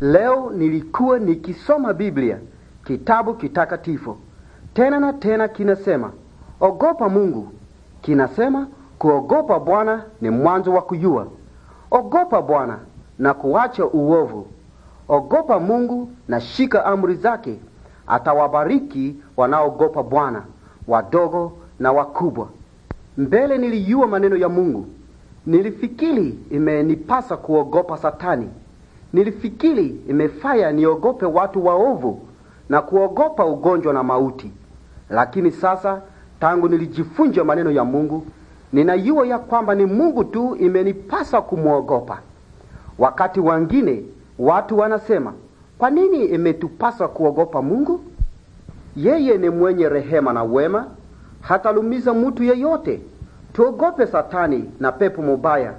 Leo nilikuwa nikisoma Biblia, kitabu kitakatifu, tena na tena kinasema, ogopa Mungu. Kinasema kuogopa Bwana ni mwanzo wa kujua. Ogopa Bwana na kuacha uovu. Ogopa Mungu na shika amri zake. Atawabariki wanaogopa Bwana, wadogo na wakubwa. Mbele nilijua maneno ya Mungu, nilifikiri imenipasa kuogopa Satani Nilifikiri imefaya niogope watu waovu na kuogopa ugonjwa na mauti. Lakini sasa tangu nilijifunja maneno ya Mungu, ninajua ya kwamba ni Mungu tu imenipasa kumwogopa. Wakati wengine watu wanasema, kwa nini imetupasa kuogopa Mungu? Yeye ni mwenye rehema na wema, hatalumiza mtu yeyote. Tuogope Satani na pepo mubaya,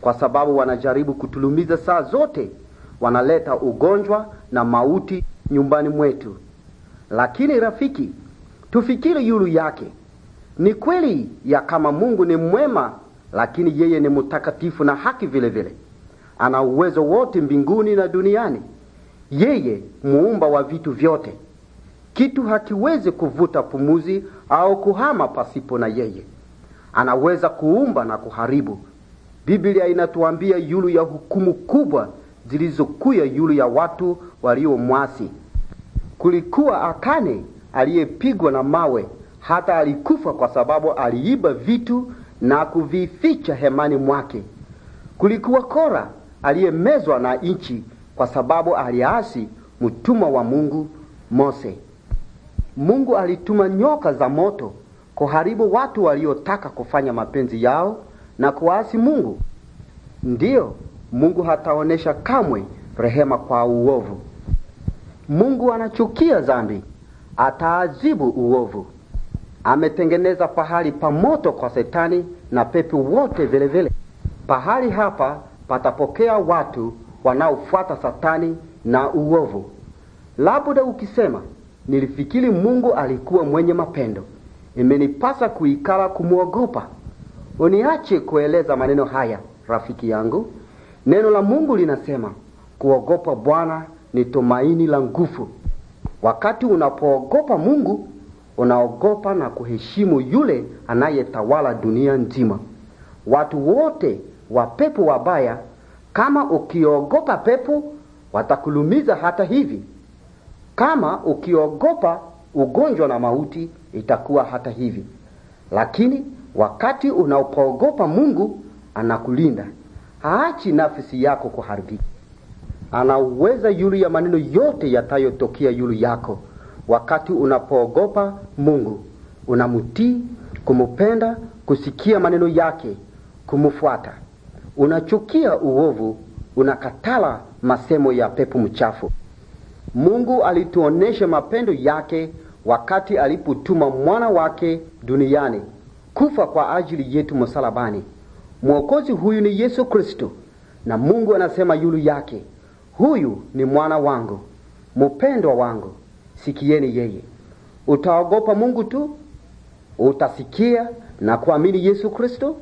kwa sababu wanajaribu kutulumiza saa zote wanaleta ugonjwa na mauti nyumbani mwetu. Lakini rafiki, tufikiri yulu yake. Ni kweli ya kama Mungu ni mwema, lakini yeye ni mtakatifu na haki vile vile. Ana uwezo wote mbinguni na duniani. Yeye muumba wa vitu vyote. Kitu hakiwezi kuvuta pumuzi au kuhama pasipo na yeye. Anaweza kuumba na kuharibu. Biblia inatuambia yulu ya hukumu kubwa zilizokuya yulu ya watu waliomwasi. Kulikuwa Akane aliyepigwa na mawe, hata alikufa kwa sababu aliiba vitu na kuvificha hemani mwake. Kulikuwa Kora aliyemezwa na nchi kwa sababu aliasi mtumwa wa Mungu Mose. Mungu alituma nyoka za moto kuharibu watu waliotaka kufanya mapenzi yao na kuasi Mungu. Ndiyo, Mungu hataonyesha kamwe rehema kwa uovu. Mungu anachukia dhambi, ataadhibu uovu. Ametengeneza pahali pa moto kwa Setani na pepo wote vile vile. Pahali hapa patapokea watu wanaofuata Satani na uovu. Labda ukisema nilifikiri Mungu alikuwa mwenye mapendo, imenipasa kuikala kumwogopa. Uniache kueleza maneno haya, rafiki yangu. Neno la Mungu linasema kuogopa Bwana ni tumaini la nguvu. Wakati unapoogopa Mungu, unaogopa na kuheshimu yule anayetawala dunia nzima. Watu wote wa pepo wabaya, kama ukiogopa pepo, watakulumiza hata hivi. Kama ukiogopa ugonjwa na mauti, itakuwa hata hivi. Lakini wakati unapoogopa Mungu, anakulinda haachi nafsi yako kuharibika. Anaweza yulu ya maneno yote yatayotokea yulu yako. Wakati unapoogopa Mungu, unamutii kumupenda, kusikia maneno yake, kumufuata Unachukia uovu, unakatala masemo ya pepo mchafu. Mungu alituonesha mapendo yake wakati alipotuma mwana wake duniani kufa kwa ajili yetu msalabani. Mwokozi huyu ni Yesu Kristo, na Mungu anasema yulu yake, huyu ni mwana wangu mupendwa wangu, sikieni yeye. Utaogopa Mungu tu, utasikia na kuamini Yesu Kristo.